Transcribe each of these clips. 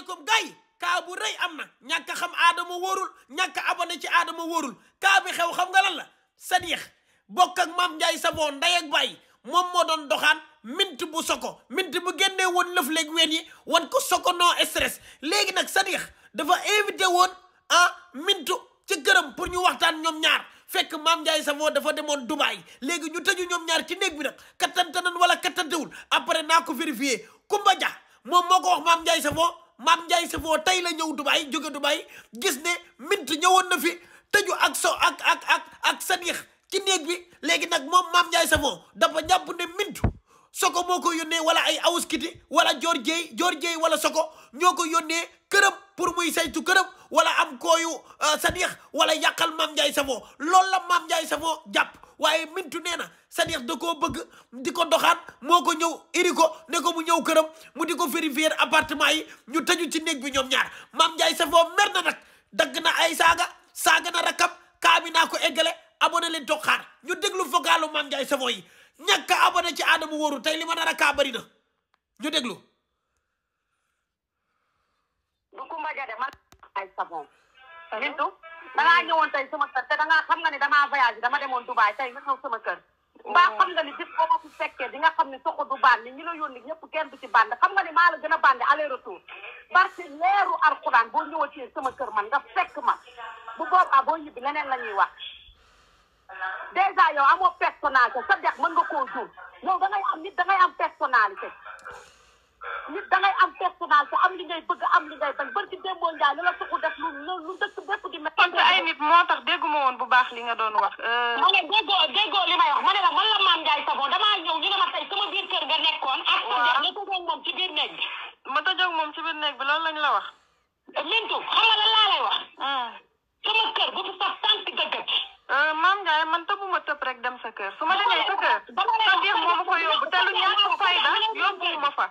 asalaamaaleykum gay kaa bu rëy am na ñàkk xam aadama wóorul ñàkk abonné ci aadama wóorul kaa bi xew xam nga lan la Sadikh bokk ak maam Ndiaye Savon ndey ak bàyyi moom moo doon doxaan mint bu soko mint bu génnee woon lëf leeg ween yi wan ko soko non stress léegi nag Sadikh dafa invité woon ah mintu ci këram pour ñu waxtaan ñoom ñaar fekk maam Ndiaye Savon dafa demoon Dubaay léegi ñu tëju ñoom ñaar ci néeg bi nag kattante nan wala kattantewul après naa ko vérifié Kumba Dia moom moo ko wax maam Ndiaye Mame Ndiaye Savon tey la ñëw Dubaay jóge Dubaay gis ne Mint ñëwoon na fi tëju ak so ak ak ak ak Sadikh ci néeg bi léegi nag moom Mame Ndiaye Savon dafa jàpp ne mint Soko moo ko yónnee wala ay awuskiti wala joor Dieye joor Dieye wala Soko ñoo ko yónnee këram pour muy saytu këram wala am kooyu Sadikh euh, wala yàqal Mame Ndiaye Savon loolu la Mame Ndiaye Savon jàpp waaye mintu nee na cest à da koo bëgg di ko doxaat moo ko ñëw iri ko ne mu ñëw këram mu di ko vérifier apartement yi ñu tëju ci néeg bi ñoom ñaar Mame Ndiaye Savon mer na nag dagg na ay saaga saaga na rakkam kaa bi naa ko eggale leen toog xaar ñu déglu vocalu Mame Ndiaye Savon yi ñàkk a abonné ci Adama Wóoru tey li ma nar kaa bëri na ñu déglu. du Kumba Gade man dangaa ñëwoon tey sama kër te dangaa xam nga ne damaa voyage dama demoon Dubaay tey nga ñëw sama kër mbaa xam nga ni bis boo ma fi fekkee di nga xam ne soxo du bandi ñi la yónni ñëpp kenn du ci bandi xam nga ne maa la gën a bandi aller retour parce que leeru alxuraan boo ñëwatee sama kër man nga fekk ma bu boobaa boo ñibbi leneen la ñuy wax dèjà yow amoo personnalité sa dex mën nga koo jur yow da ngay am nit da ngay am personnalité nit da ngay am personnalité am li ngay bëgg am li ngay bañ moo tax dégguma woon bu baax li nga doon wax. Euh. ma ne déggoo déggoo li may wax ma ne la man la maam Ndiaye Savon damaa ñëw ñu ne ma tey sama biir kër nga nekkoon. ak sa def ma tëjoog ci biir néeg bi. ma tëjoog moom ci biir néeg bi loolu lañ la wax. Mintu xam nga lan laa lay wax. Hmm. sama kër bu fi sax sant dëgg. Euh, maam Ndiaye man tëbuma tëb rek dem sa kër su ma demee sa kër. sa biir moomu ko yóbbu te lu ñàkk fayda yóbbuwuma fa.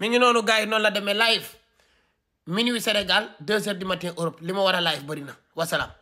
mi ngi noonu gars yi noonu la demee live minuit Sénégal deux heures du matin Europe li ma war a live bëri na wasalaam